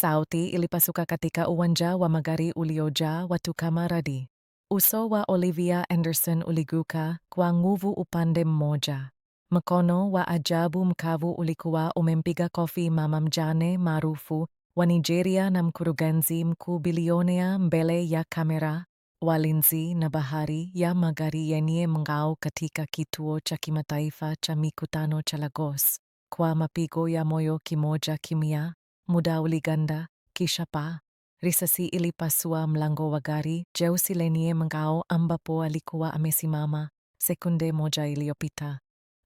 Sauti ilipasuka katika uwanja wa magari uliojaa watu kama radi. Uso wa Olivia Anderson uliguka kwa nguvu upande mmoja. Mkono wa ajabu mkavu ulikuwa umempiga kofi mama mjane maarufu wa Nigeria na mkurugenzi mkuu bilionea mbele ya kamera, walinzi na bahari ya magari yenye mng'ao katika kituo cha kimataifa cha mikutano cha Lagos. Kwa mapigo ya moyo kimoja kimya, Muda uliganda, kisha pa risasi ilipasua mlango wa gari jeusi lenye mng'ao ambapo alikuwa amesimama sekunde moja iliyopita.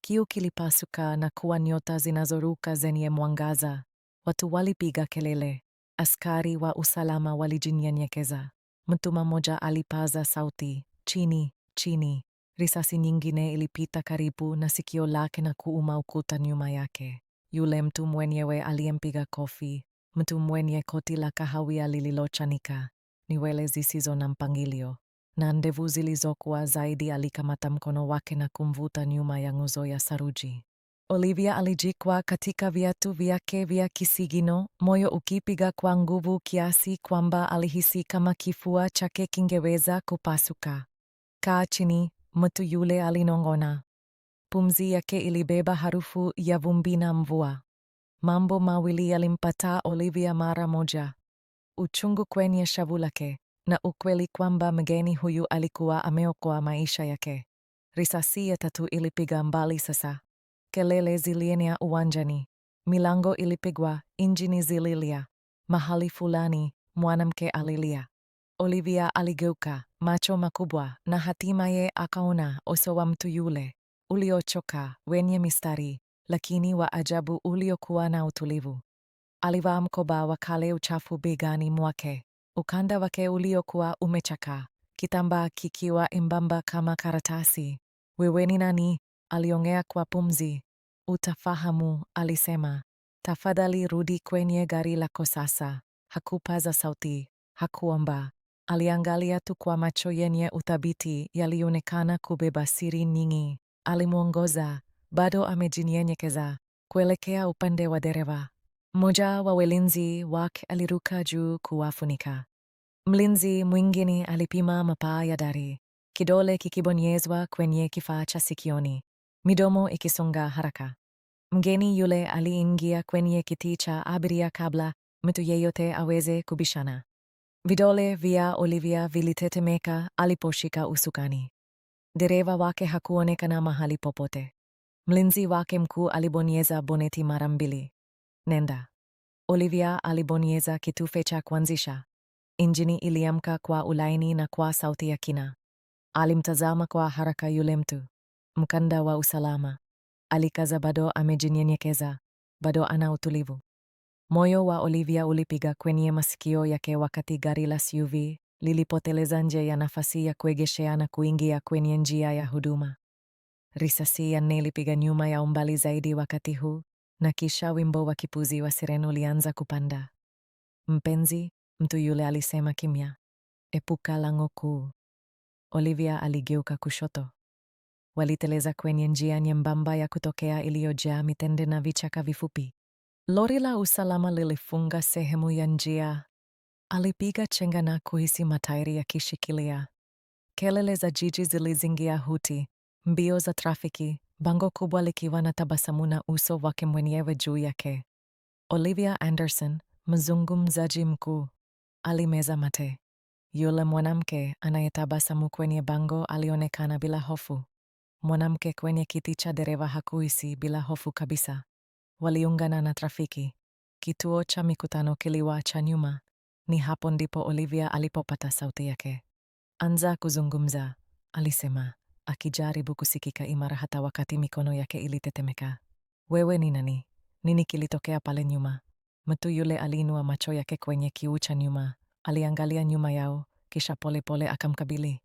Kiu kilipasuka na kuwa nyota zinazoruka zenye mwangaza. Watu walipiga kelele, askari wa usalama walijinyenyekeza. Mtu mmoja alipaza sauti, chini, chini. Risasi nyingine ilipita karibu na sikio lake na kuuma ukuta nyuma yake yule mtu mwenyewe aliyempiga kofi, mtu mwenye koti la kahawia lililochanika, nywele zisizo na mpangilio na ndevu zilizokuwa zaidi. Alikamata mkono wake na kumvuta nyuma ya nguzo ya saruji. Olivia alijikwa katika viatu vyake vya kisigino, moyo ukipiga kwa nguvu kiasi kwamba alihisi kama kifua chake kingeweza kupasuka. Kaa chini, mtu yule alinong'ona. Pumzi yake ilibeba harufu ya vumbi na mvua. Mambo mawili yalimpataa Olivia mara moja: uchungu kwenye shavu lake na ukweli kwamba mgeni huyu alikuwa ameokoa maisha yake. Risasi ya tatu ilipiga mbali sasa. Kelele zilienea uwanjani, milango ilipigwa, injini zililia. Mahali fulani mwanamke alilia. Olivia aligeuka, macho makubwa, na hatimaye akaona uso wa mtu yule uliochoka, wenye mistari, lakini wa ajabu uliokuwa na utulivu. Alivaa mkoba wa kale, uchafu begani mwake, ukanda wake uliokuwa umechaka kitambaa kikiwa imbamba kama karatasi. Wewe ni nani? aliongea kwa pumzi. Utafahamu, alisema. Tafadhali rudi kwenye gari lako sasa. Hakupaza sauti, hakuomba. Aliangalia tu kwa macho yenye uthabiti yalionekana kubeba siri nyingi alimwongoza, bado amejinyenyekeza kuelekea upande wa dereva. Mmoja wa walinzi wake aliruka juu kuwafunika. Mlinzi mwingine alipima mapaa ya dari, kidole kikibonyezwa kwenye kifaa cha sikioni, midomo ikisonga haraka. Mgeni yule aliingia kwenye kiti cha abiria kabla mtu yeyote aweze kubishana. Vidole vya Olivia vilitetemeka aliposhika usukani dereva wake hakuonekana mahali popote. Mlinzi wake mkuu alibonyeza boneti mara mbili. Nenda. Olivia alibonyeza kitufe cha kuanzisha. Injini iliamka kwa ulaini na kwa sauti ya kina. Alimtazama kwa haraka yule mtu. Mkanda wa usalama. Alikaza, bado amejinyenyekeza, bado ana utulivu. Moyo wa Olivia ulipiga kwenye masikio yake wakati gari la SUV lilipoteleza nje ya nafasi ya kuegesheana kuingia kwenye njia ya huduma. Risasi ya nne ilipiga nyuma ya umbali zaidi wakati huu, na kisha wimbo wa kipuzi wa siren ulianza kupanda. Mpenzi, mtu yule alisema kimya, epuka lango kuu. Olivia aligeuka kushoto. Waliteleza kwenye njia nyembamba ya kutokea iliyojaa mitende na vichaka vifupi. Lori la usalama lilifunga sehemu ya njia Alipiga chenga na kuhisi matairi yakishikilia. Kelele za jiji zilizingia huti, mbio za trafiki, bango kubwa likiwa na tabasamu na uso wake mwenyewe juu yake. Olivia Anderson, mzungumzaji mkuu, alimeza mate. Yule mwanamke anayetabasamu kwenye bango alionekana bila hofu. Mwanamke kwenye kiti cha dereva hakuhisi bila hofu kabisa. Waliungana na trafiki. Kituo cha mikutano kiliwa cha nyuma. Ni hapo ndipo Olivia alipopata sauti yake. Anza kuzungumza, alisema, akijaribu kusikika imara hata wakati mikono yake ilitetemeka. Wewe ni nani? Nini kilitokea pale nyuma? Mtu yule aliinua macho yake kwenye kiu cha nyuma, aliangalia nyuma yao, kisha polepole akamkabili.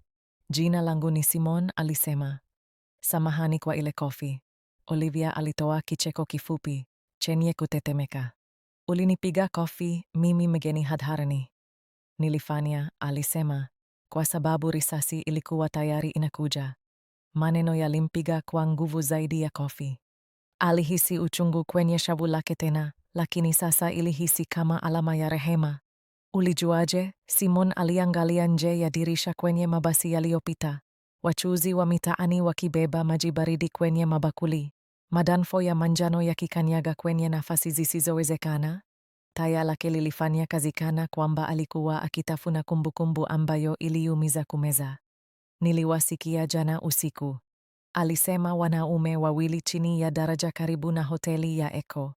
Jina langu ni Simon, alisema. Samahani kwa ile kofi. Olivia alitoa kicheko kifupi chenye kutetemeka. Ulinipiga kofi mimi mgeni hadharani. Nilifanya, alisema, kwa sababu risasi ilikuwa tayari inakuja. Maneno yalimpiga kwa nguvu zaidi ya kofi. Alihisi uchungu kwenye shavu lake tena, lakini sasa ilihisi kama alama ya rehema. Ulijuaje? Simon aliangalia nje ya dirisha kwenye mabasi yaliyopita, wachuuzi wa mitaani wakibeba maji baridi kwenye mabakuli. Madanfo ya manjano yakikanyaga kwenye nafasi zisizowezekana, taya lake lilifanya kazikana kwamba alikuwa akitafuna kumbukumbu ambayo iliumiza kumeza. Niliwasikia jana usiku, alisema wanaume wawili chini ya daraja karibu na hoteli ya Eko.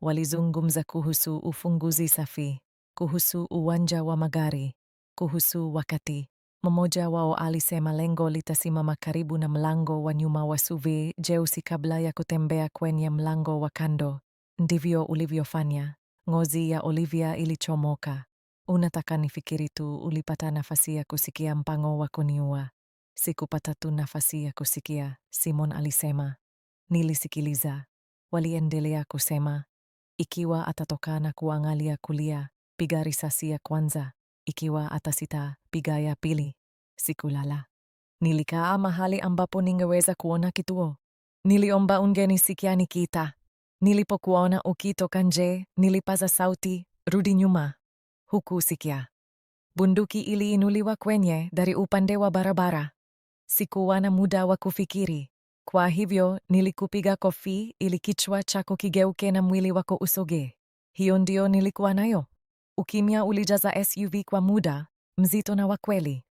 Walizungumza kuhusu ufunguzi safi, kuhusu uwanja wa magari, kuhusu wakati, mmoja wao alisema lengo litasimama karibu na mlango wa nyuma wa SUV jeusi kabla ya kutembea kwenye mlango wa kando. Ndivyo ulivyofanya. Ngozi ya Olivia ilichomoka. Unataka nifikiri tu ulipata nafasi ya kusikia mpango wa kuniua. Sikupata tu nafasi ya kusikia, Simon alisema. Nilisikiliza. Waliendelea kusema, ikiwa atatoka na kuangalia kulia, piga risasi ya kwanza ikiwa pigaya pili. Sikulala, nilikaa mahali ambapo ningeweza kuona kituo. Niliomba ungenisikia nikiita. Nilipokuona ukitoka nje, nilipaza sauti, rudi nyuma. Hukusikia. Bunduki iliinuliwa kwenye dari upande wa barabara. Sikuwa na muda wa kufikiri, kwa hivyo nilikupiga kofi ili kichwa chako kigeuke na mwili wako usoge. Hiyo ndio nilikuwa nayo. Ukimya ulijaza SUV kwa muda, mzito na wa kweli.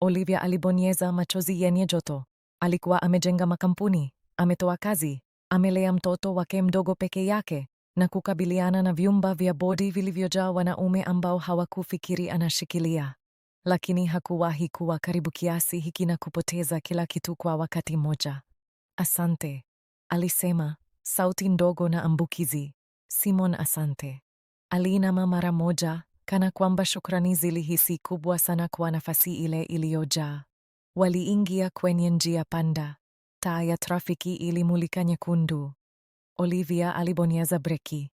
Olivia alibonyeza, machozi yenye joto. Alikuwa amejenga makampuni, ametoa kazi, amelea mtoto wake mdogo peke yake na kukabiliana na vyumba vya bodi vilivyojaa wanaume ambao hawakufikiri anashikilia. Lakini hakuwahi kuwa karibu kiasi hiki na kupoteza kila kitu kwa wakati mmoja. Asante, alisema, sauti ndogo na ambukizi. Simon, asante aliinama mara moja, kana kwamba shukrani zilihisi kubwa sana kwa nafasi ile iliyojaa. Waliingia kwenye njia panda. Taa ya trafiki ilimulika nyekundu. Olivia alibonyeza breki.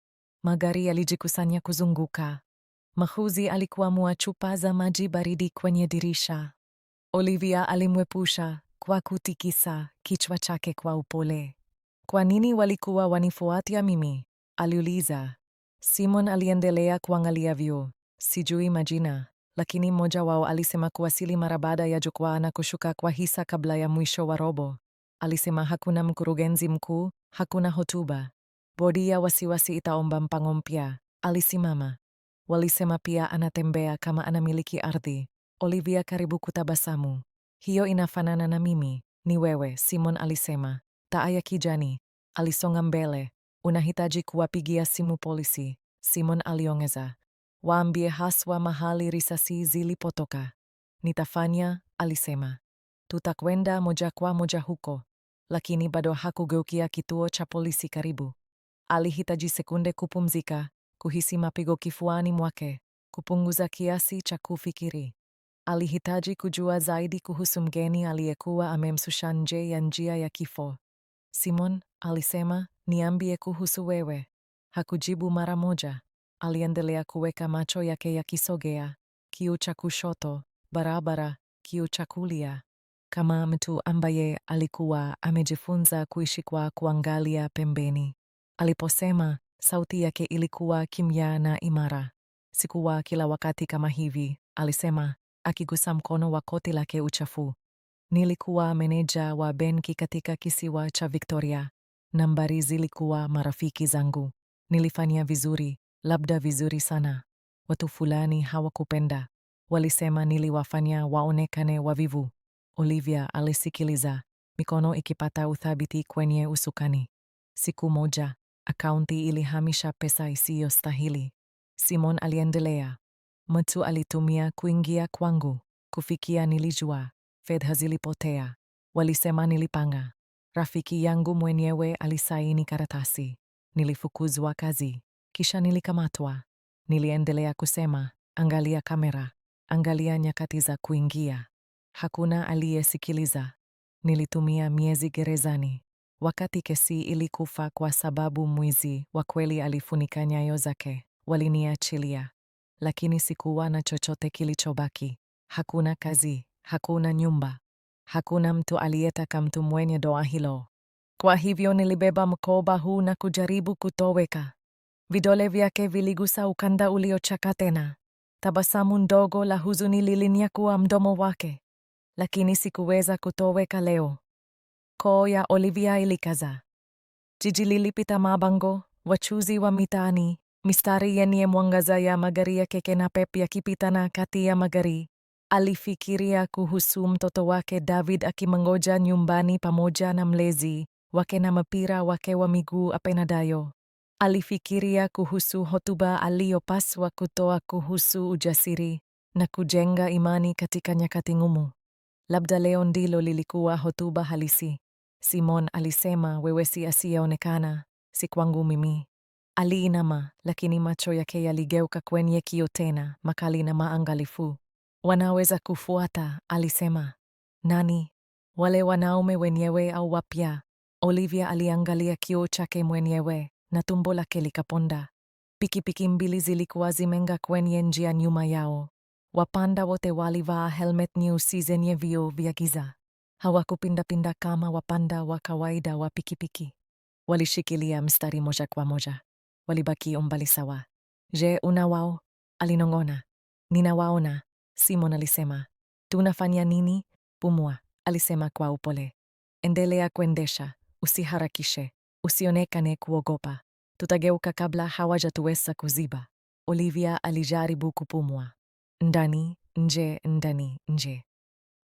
Magari yalijikusanya kuzunguka. Mahuzi alikuamua chupa za maji baridi kwenye dirisha. Olivia alimwepusha kwa kutikisa kichwa chake kwa upole. Kwa nini walikuwa wanifuatia mimi? aliuliza. Simon aliendelea kuangalia vyoo. Sijui majina, lakini mmoja wao alisema kuwasili mara baada ya jukwaa na kushuka kwa hisa kabla ya mwisho wa robo. Alisema hakuna mkurugenzi mkuu, hakuna hotuba. Bodi ya wasiwasi itaomba mpango mpya. Alisimama. Walisema pia anatembea kama anamiliki ardhi. Olivia karibu kutabasamu. Hiyo inafanana na mimi. Ni wewe, Simon alisema. Taa ya kijani. Alisonga mbele. Unahitaji kuwapigia simu polisi, Simon aliongeza. Waambie haswa mahali risasi zilipotoka. Nitafanya, alisema. Tutakwenda moja kwa moja huko. Lakini bado hakugeukia kituo cha polisi karibu. Alihitaji sekunde kupumzika, kuhisi mapigo kifuani mwake, kupunguza kiasi cha kufikiri. Alihitaji kujua zaidi kuhusu mgeni aliyekuwa amemsusha nje ya njia ya kifo. Simon alisema, Niambie kuhusu wewe. Hakujibu mara moja. Aliendelea kuweka macho yake yakisogea, kiu cha kushoto, barabara, kiu cha kulia, kama mtu ambaye alikuwa amejifunza kuishi kwa kuangalia pembeni. Aliposema, sauti yake ilikuwa kimya na imara. Sikuwa kila wakati kama hivi, alisema, akigusa mkono wa koti lake uchafu. Nilikuwa meneja wa benki katika kisiwa cha Victoria. Nambari zilikuwa marafiki zangu. Nilifanya vizuri, labda vizuri sana. Watu fulani hawakupenda, walisema niliwafanya waonekane wavivu. Olivia alisikiliza, mikono ikipata uthabiti kwenye usukani. Siku moja akaunti ilihamisha pesa isiyostahili. Simon aliendelea, mtu alitumia kuingia kwangu. Kufikia nilijua fedha zilipotea, walisema nilipanga Rafiki yangu mwenyewe alisaini karatasi. Nilifukuzwa kazi, kisha nilikamatwa. Niliendelea kusema, angalia kamera, angalia nyakati za kuingia. Hakuna aliyesikiliza. Nilitumia miezi gerezani. Wakati kesi ilikufa kwa sababu mwizi wa kweli alifunika nyayo zake, waliniachilia, lakini sikuwa na chochote kilichobaki. Hakuna kazi, hakuna nyumba, Hakuna mtu aliyetaka mtu mwenye doa hilo. Kwa hivyo nilibeba mkoba huu na kujaribu kutoweka. Vidole vyake viligusa ukanda uliochaka tena. Tabasamu ndogo la huzuni lilinyakua mdomo wake, lakini sikuweza kutoweka leo. Koo ya Olivia ilikaza. Jiji lilipita mabango, wachuzi wa mitaani, mistari yenye mwangaza ya magari ya keke na pep yakipitana kati ya magari alifikiria kuhusu mtoto wake David akimangoja nyumbani pamoja na mlezi wake na mpira wake wa miguu apenadayo. Alifikiria kuhusu hotuba aliyopaswa kutoa kuhusu ujasiri na kujenga imani katika nyakati ngumu. Labda leo ndilo lilikuwa hotuba halisi. Simon alisema, wewe si asiyeonekana, si kwangu mimi. Aliinama, lakini macho yake yaligeuka kwenye kio tena, makali na maangalifu wanaweza kufuata, alisema nani? Wale wanaume wenyewe au wapya? Olivia aliangalia kioo chake mwenyewe na tumbo lake likaponda. Pikipiki mbili zilikuwa zimenga kwenye njia nyuma yao. Wapanda wote walivaa helmet nyeusi zenye vioo vya giza. Hawakupindapinda kama wapanda wa kawaida wa pikipiki, walishikilia mstari moja kwa moja, walibaki umbali sawa. Je, una wao? Alinong'ona. Ninawaona, Simon alisema. Tunafanya nini? Pumua, alisema kwa upole. Endelea kuendesha, usiharakishe, usionekane kuogopa. Tutageuka kabla hawajatuweza kuziba. Olivia alijaribu kupumua. Ndani, nje, ndani, nje.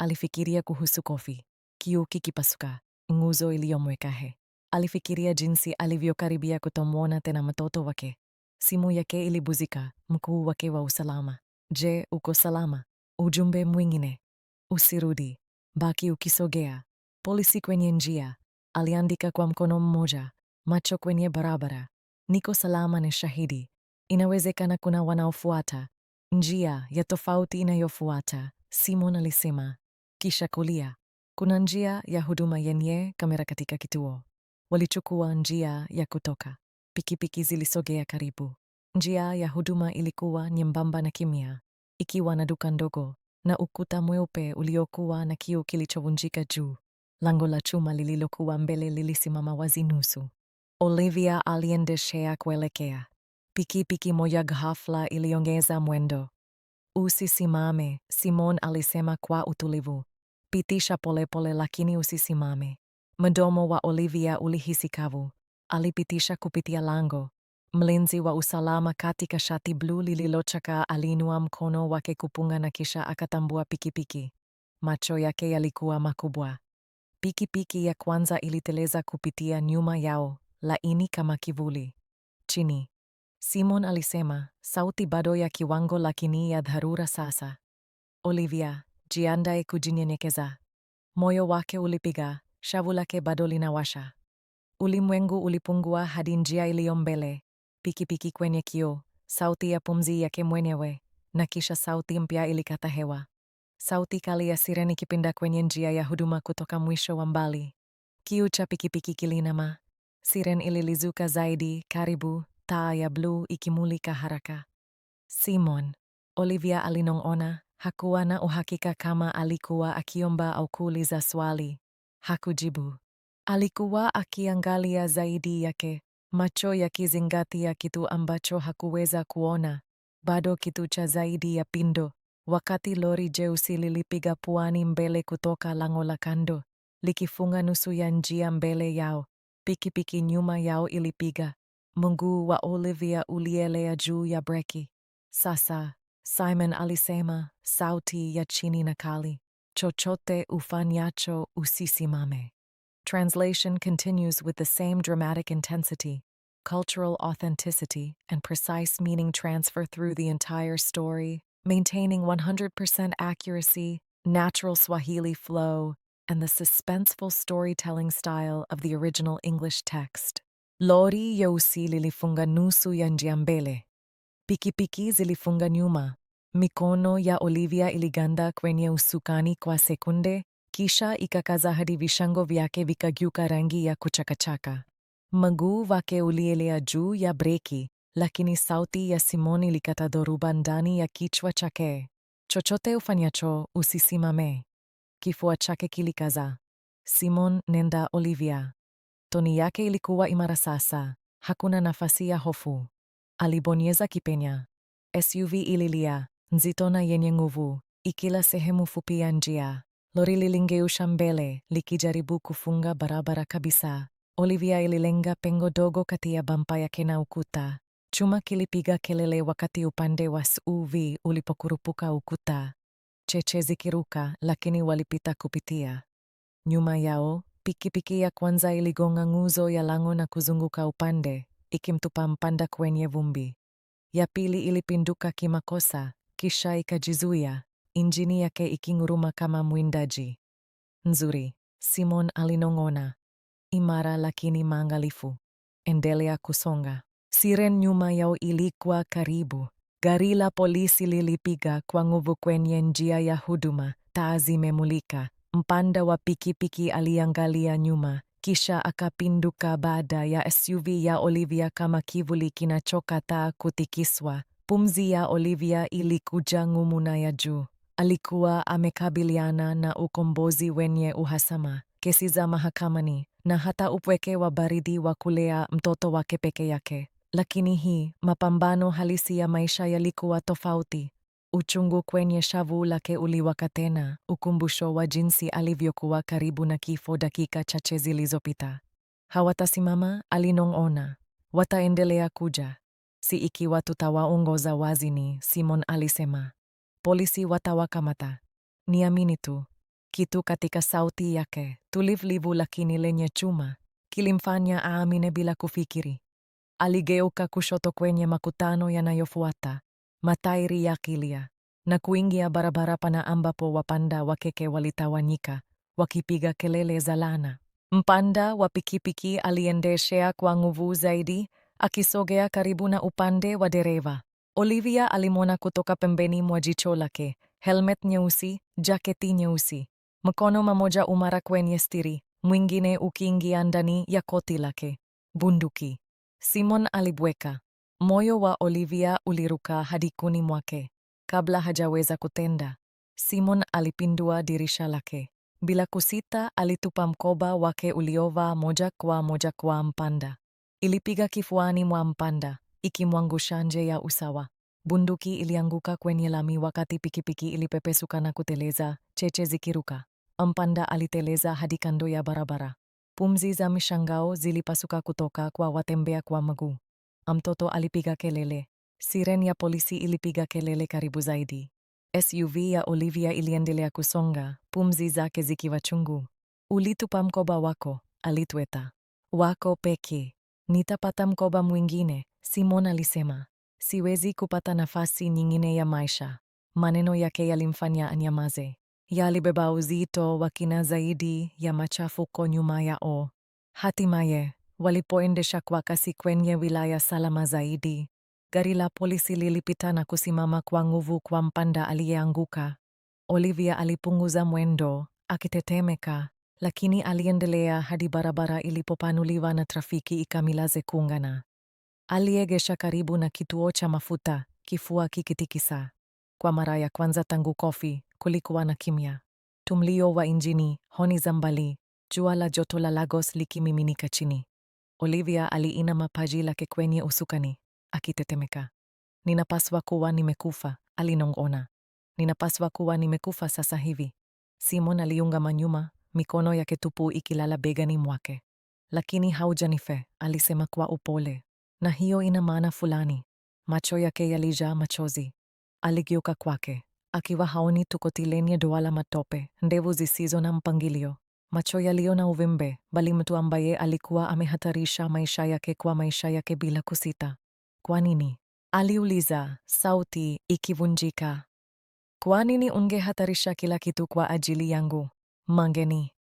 Alifikiria kuhusu kofi, kiu kikipasuka, nguzo iliyomwekahe. Alifikiria jinsi alivyokaribia kutomwona tena mtoto wake. Simu yake ilibuzika, mkuu wake wa usalama Je, uko salama? Ujumbe mwingine, usirudi, baki ukisogea. Polisi kwenye njia, aliandika kwa mkono mmoja, macho kwenye barabara. Niko salama ni shahidi. Inawezekana kuna wanaofuata njia ya tofauti inayofuata, Simon alisema, kisha kulia. Kuna njia ya huduma yenye kamera katika kituo. Walichukua njia ya kutoka, pikipiki zilisogea karibu. Njia ya huduma ilikuwa nyembamba na kimya, ikiwa na duka ndogo na ukuta mweupe uliokuwa na kiu kilichovunjika juu. Lango la chuma lililokuwa mbele lilisimama wazi nusu. Olivia aliendeshea kuelekea. Pikipiki moja ghafla iliongeza mwendo. Usisimame, Simon alisema kwa utulivu. Pitisha polepole pole, lakini usisimame. Mdomo wa Olivia ulihisi kavu. Alipitisha kupitia lango, Mlinzi wa usalama katika shati bluu lililochakaa aliinua mkono wake kupunga na kisha akatambua pikipiki. Macho yake yalikuwa makubwa. Pikipiki ya kwanza iliteleza kupitia nyuma yao, laini kama kivuli. Chini, Simon alisema, sauti bado ya kiwango lakini ya dharura sasa. Olivia, jiandae kujinyenyekeza. Moyo wake ulipiga, shavu lake bado linawasha. Ulimwengu ulipungua hadi njia iliyo mbele, pikipiki kwenye kioo, sauti ya pumzi yake mwenyewe, na kisha sauti mpya ilikata hewa. Sauti kali ya sireni ikipinda kwenye njia ya huduma kutoka mwisho wa mbali. kiu cha pikipiki kilinama. siren ililizuka zaidi karibu, taa ya bluu ikimulika haraka. Simon, Olivia alinong'ona. Hakuwa na uhakika kama alikuwa akiomba au kuuliza swali. Hakujibu. Alikuwa akiangalia zaidi yake, macho yakizingatia kitu ambacho hakuweza kuona, bado kitu cha zaidi ya pindo, wakati lori jeusi lilipiga puani mbele kutoka lango la kando, likifunga nusu ya njia mbele yao. Pikipiki nyuma yao ilipiga, mguu wa Olivia ulielea juu ya breki. Sasa, Simon alisema, sauti ya chini na kali, chochote ufanyacho usisimame. Translation continues with the same dramatic intensity, cultural authenticity, and precise meaning transfer through the entire story, maintaining 100% accuracy, natural Swahili flow, and the suspenseful storytelling style of the original English text. Lori yosi lilifunga nusu yanjiambele. njiambele. Pikipiki zilifunga nyuma. Mikono ya Olivia iliganda kwenye usukani kwa sekunde kisha ikakaza hadi vishango vyake vikageuka rangi ya kuchakachaka. Mguu wake ulielea juu ya breki, lakini sauti ya Simoni likata dhoruba ndani ya kichwa chake. Chochote ufanyacho usisimame. Kifua chake kilikaza. Simon, nenda Olivia. Toni yake ilikuwa imara sasa, hakuna nafasi ya hofu. Alibonyeza kipenya. SUV ililia nzito na yenye nguvu, ikila sehemu fupi ya njia. Lori lilingeusha mbele likijaribu kufunga barabara kabisa. Olivia ililenga pengo dogo kati ya bampa yake na ukuta. Chuma kilipiga kelele wakati upande wa SUV ulipokurupuka ukuta, cheche zikiruka, lakini walipita kupitia. Nyuma yao, pikipiki ya kwanza iligonga nguzo ya lango na kuzunguka upande, ikimtupa mpanda kwenye vumbi. Ya pili ilipinduka kimakosa, kisha ikajizuia, injini yake ikinguruma kama mwindaji. Nzuri, Simon alinong'ona, imara lakini maangalifu. Endelea kusonga. Siren nyuma yao ilikuwa karibu. Gari la polisi lilipiga kwa nguvu kwenye njia ya huduma, taa zimemulika. Mpanda wa pikipiki aliangalia nyuma, kisha akapinduka baada ya SUV ya Olivia kama kivuli kinachokataa kutikiswa. Pumzi ya Olivia ilikuja ngumu na ya juu alikuwa amekabiliana na ukombozi wenye uhasama, kesi za mahakamani na hata upweke wa baridi wa kulea mtoto wake peke yake. Lakini hii mapambano halisi ya maisha yalikuwa tofauti. Uchungu kwenye shavu lake uliwaka tena, ukumbusho wa jinsi alivyokuwa karibu na kifo dakika chache zilizopita. Hawatasimama, alinong'ona, wataendelea kuja, si ikiwa tutawaongoza wazini, Simon alisema polisi watawakamata. Niamini tu. Kitu katika sauti yake tulivu lakini lenye chuma kilimfanya aamine bila kufikiri. Aligeuka kushoto kwenye makutano yanayofuata, matairi yakilia na kuingia barabara pana ambapo wapanda wakeke walitawanyika wakipiga kelele za laana. Mpanda wa pikipiki aliendeshea kwa nguvu zaidi, akisogea karibu na upande wa dereva. Olivia alimwona kutoka pembeni mwa jicho lake, helmet nyeusi, jaketi nyeusi, mkono mmoja umara kwenye stiri, mwingine ukiingia ndani ya koti lake. Bunduki. Simon alibweka. Moyo wa Olivia uliruka hadi kuni mwake. Kabla hajaweza kutenda, Simon alipindua dirisha lake. Bila kusita, alitupa mkoba wake uliovaa moja kwa moja kwa Mpanda. Ilipiga kifuani mwa Mpanda ikimwangusha nje ya usawa. Bunduki ilianguka kwenye lami wakati pikipiki ilipepesuka na kuteleza, cheche zikiruka. Mpanda aliteleza hadi kando ya barabara. Pumzi za mshangao zilipasuka kutoka kwa watembea kwa mguu. Mtoto alipiga kelele. Siren ya polisi ilipiga kelele karibu zaidi. SUV ya Olivia iliendelea kusonga, pumzi zake zikiwa chungu. Ulitupa mkoba wako, alitweta. Wako peke Nitapata mkoba mwingine, Simon alisema, siwezi kupata nafasi nyingine ya maisha. Maneno yake yalimfanya anyamaze. Yalibeba uzito wa kina zaidi ya machafuko nyuma yao. Hatimaye, walipoendesha kwa kasi kwenye wilaya salama zaidi, gari la polisi lilipita na kusimama kwa nguvu kwa mpanda aliyeanguka. Olivia alipunguza mwendo, akitetemeka, lakini aliendelea hadi barabara ilipopanuliwa na trafiki ikamilaze kuungana. Aliegesha karibu na kituo cha mafuta, kifua kikitikisa. Kwa mara ya kwanza tangu kofi, kulikuwa na kimya. Tumlio wa injini, honi za mbali, jua la joto la Lagos likimiminika chini. Olivia aliinama paji lake kwenye usukani, akitetemeka. Ninapaswa kuwa nimekufa, alinong'ona. Ninapaswa kuwa nimekufa sasa hivi. Simon aliungama nyuma, mikono yake tupu ikilala begani mwake. Lakini haujanife, alisema kwa upole na hiyo ina maana fulani. Macho yake yalijaa machozi. Aligeuka kwake akiwa haoni tuko leni doa la matope, ndevu zisizo na mpangilio, macho yaliyo na uvimbe, bali mtu ambaye alikuwa amehatarisha maisha yake kwa maisha yake bila kusita. Kwa nini? aliuliza, sauti ikivunjika. Kwa nini ungehatarisha kila kitu kwa ajili yangu? Mangeni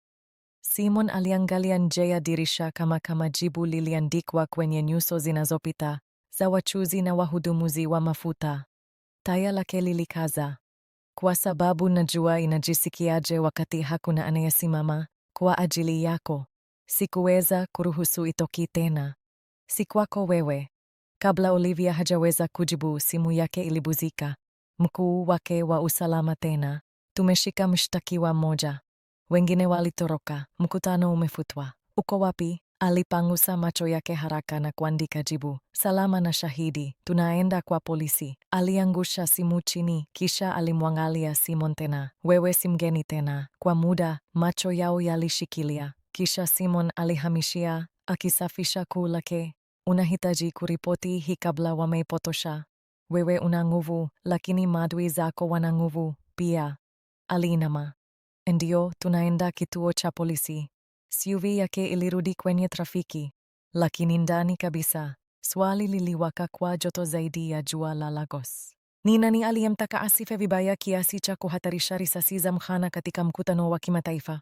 Simon aliangalia nje ya dirisha kama kama jibu liliandikwa kwenye nyuso zinazopita za wachuzi na wahudumuzi wa mafuta. Taya lake lilikaza, kwa sababu najua inajisikiaje wakati hakuna anayesimama kwa ajili yako. Sikuweza kuruhusu itoki tena, si kwako wewe. Kabla Olivia hajaweza kujibu, simu yake ilibuzika. Mkuu wake wa usalama tena, tumeshika mshtakiwa mmoja wengine walitoroka, mkutano umefutwa. Uko wapi? Alipangusa macho yake haraka na kuandika jibu: salama na shahidi, tunaenda kwa polisi. Aliangusha simu chini, kisha alimwangalia Simon tena. Wewe si mgeni tena. Kwa muda macho yao yalishikilia, kisha Simon alihamishia, akisafisha kuu lake. Unahitaji kuripoti hii kabla wameipotosha. Wewe una nguvu, lakini maadui zako wana nguvu pia. Aliinama ndio tunaenda kituo cha polisi. SUV yake ilirudi kwenye trafiki, lakini ndani kabisa swali liliwaka kwa joto zaidi ya jua la Lagos. Ni nani aliyemtaka asife vibaya kiasi cha kuhatarisha risasi za mchana katika mkutano wa kimataifa?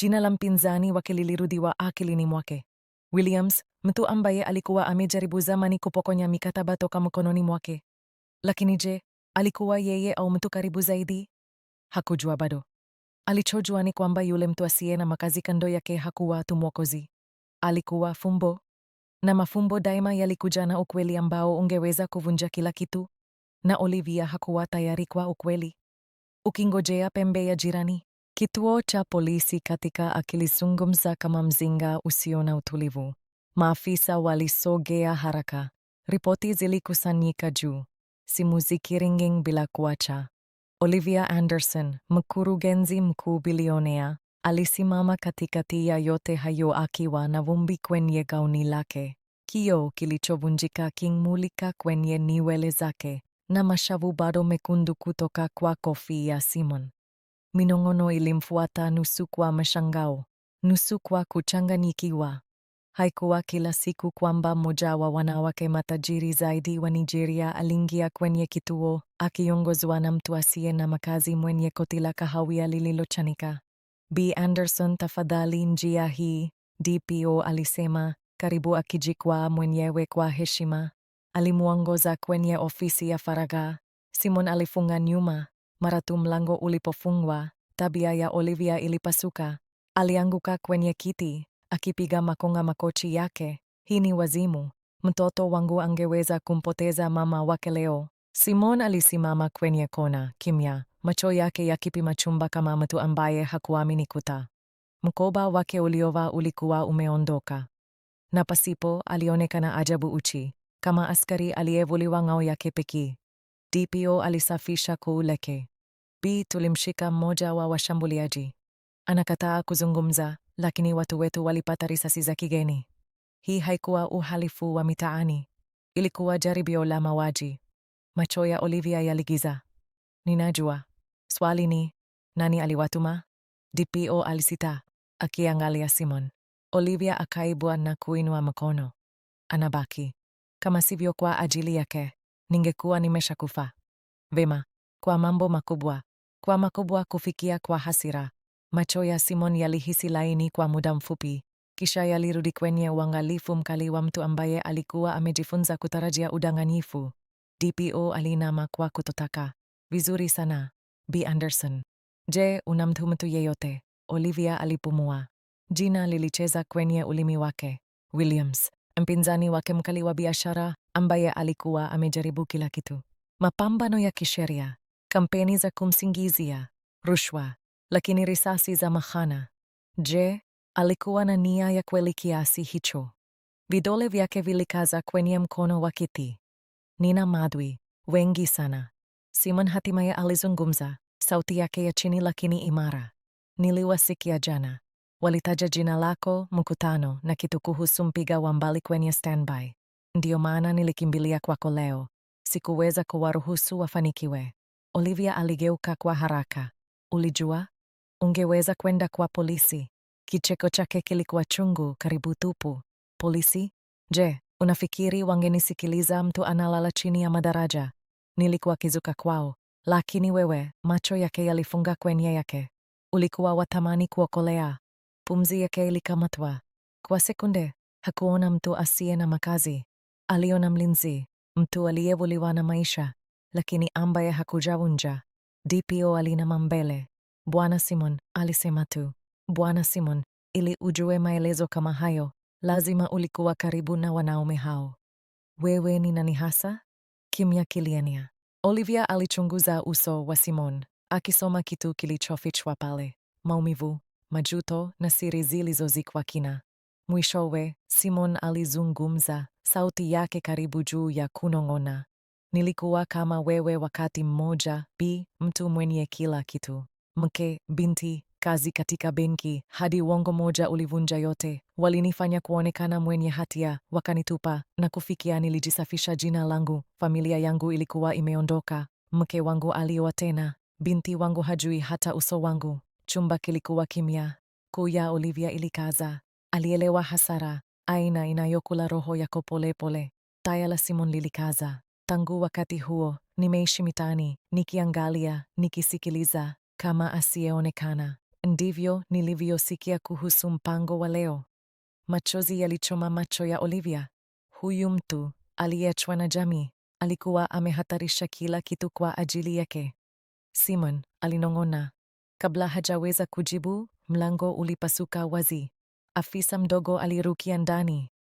Jina la mpinzani wake lilirudiwa akilini mwake. Williams, mtu ambaye alikuwa amejaribu zamani kupokonya mikataba toka mkononi mwake. Lakini je, alikuwa yeye au mtu karibu zaidi? Hakujua bado. Alichojua ni kwamba yule mtu asiye na makazi kando yake hakuwa tu Mwokozi, alikuwa fumbo, na mafumbo daima yalikuja na ukweli ambao ungeweza kuvunja kila kitu, na Olivia hakuwa tayari kwa ukweli. Ukingojea pembe ya jirani, kituo cha polisi katika akilizungumza kama mzinga usio na utulivu. Maafisa walisogea haraka, ripoti zilikusanyika juu, simu zikiringing bila kuacha. Olivia Anderson, mkurugenzi mkuu bilionea, alisimama katikati ya yote hayo akiwa na vumbi kwenye gauni lake, kioo kilichovunjika kingmulika kwenye nywele zake na mashavu bado mekundu kutoka kwa kofi ya Simon. Minong'ono ilimfuata nusu kwa mashangao, nusu kwa kuchanganyikiwa, Haikuwa kila siku kwamba mmoja wa wanawake matajiri zaidi wa Nigeria aliingia kwenye kituo akiongozwa na mtu asiye na makazi mwenye koti la kahawia lililochanika. B Anderson, tafadhali njia hii, DPO alisema, karibu akijikwaa mwenyewe kwa heshima. Alimwongoza kwenye ofisi ya faragha. Simon alifunga nyuma. Mara tu mlango ulipofungwa, tabia ya Olivia ilipasuka. Alianguka kwenye kiti, akipiga makonga makochi yake. Hii ni wazimu, mtoto wangu angeweza kumpoteza mama wake leo. Simon alisimama kwenye kona kimya, macho yake yakipima chumba kama mtu ambaye hakuamini kuta. Mkoba wake uliovaa ulikuwa umeondoka, na pasipo alionekana ajabu uchi, kama askari aliyevuliwa ngao yake pekee. DPO alisafisha koo lake. Bi tulimshika mmoja wa washambuliaji, Anakataa kuzungumza, lakini watu wetu walipata risasi za kigeni. Hii haikuwa uhalifu wa mitaani, ilikuwa jaribio la mauaji. Macho ya Olivia yaligiza. Ninajua. Swali ni nani aliwatuma? DPO alisita, akiangalia Simon. Olivia akaibwa na kuinua mkono. Anabaki. Kama sivyo kwa ajili yake, ningekuwa nimeshakufa. Vema, kwa mambo makubwa, kwa makubwa kufikia kwa hasira. Macho ya Simon yalihisi laini kwa muda mfupi, kisha yalirudi kwenye uangalifu mkali wa mtu ambaye alikuwa amejifunza kutarajia udanganyifu. DPO alinama kwa kutotaka. Vizuri sana, B Anderson. Je, una mtu mtu yeyote? Olivia alipumua. Jina lilicheza kwenye ulimi wake. Williams, mpinzani wake mkali wa biashara ambaye alikuwa amejaribu kila kitu: mapambano ya kisheria, kampeni za kumsingizia, rushwa, lakini risasi za Mahana. Je, alikuwa na nia ya kweli kiasi hicho? Vidole vyake vilikaza kwenye mkono wa kiti. Nina maadui wengi sana, Simon hatimaye alizungumza, sauti yake ya chini lakini imara. Niliwasikia jana, walitaja jina lako, mkutano na kitu kuhusu mpiga wa mbali kwenye standby. Ndiyo maana nilikimbilia kwako leo, sikuweza kuwaruhusu wafanikiwe. Olivia aligeuka kwa haraka. Ulijua Ungeweza kwenda kwa polisi. Kicheko chake kilikuwa chungu, karibu tupu. Polisi? Je, unafikiri wangenisikiliza? Mtu analala chini ya madaraja. Nilikuwa kizuka kwao, lakini wewe, macho yake yalifunga kwenye yake. Ulikuwa watamani kuokolea. Pumzi yake ilikamatwa kwa sekunde. Hakuona mtu asiye na makazi, aliona mlinzi, mtu aliyevuliwa na maisha, lakini ambaye hakujavunja. DPO alinama mbele, Bwana Simon alisema tu, Bwana Simon, ili ujue maelezo kama hayo, lazima ulikuwa karibu na wanaume hao. Wewe ni nani hasa? Kimya kilienea. Olivia alichunguza uso wa Simon, akisoma kitu kilichofichwa pale: maumivu, majuto na siri zilizozikwa kina. Mwishowe Simon alizungumza, sauti yake karibu juu ya kunong'ona, nilikuwa kama wewe wakati mmoja, Bi, mtu mwenye kila kitu mke, binti, kazi katika benki, hadi uongo moja ulivunja yote. Walinifanya kuonekana mwenye hatia, wakanitupa na kufikia, nilijisafisha jina langu, familia yangu ilikuwa imeondoka, mke wangu alioa tena, binti wangu hajui hata uso wangu. Chumba kilikuwa kimya. Kuu ya Olivia ilikaza, alielewa hasara, aina inayokula roho yako polepole. Taya la Simon lilikaza. Tangu wakati huo nimeishi mitaani, nikiangalia, nikisikiliza, kama asiyeonekana. Ndivyo nilivyosikia kuhusu mpango wa leo. Machozi yalichoma macho ya Olivia. Huyu mtu aliyeachwa na jamii alikuwa amehatarisha kila kitu kwa ajili yake. Simon alinong'ona. Kabla hajaweza kujibu, mlango ulipasuka wazi. Afisa mdogo alirukia ndani.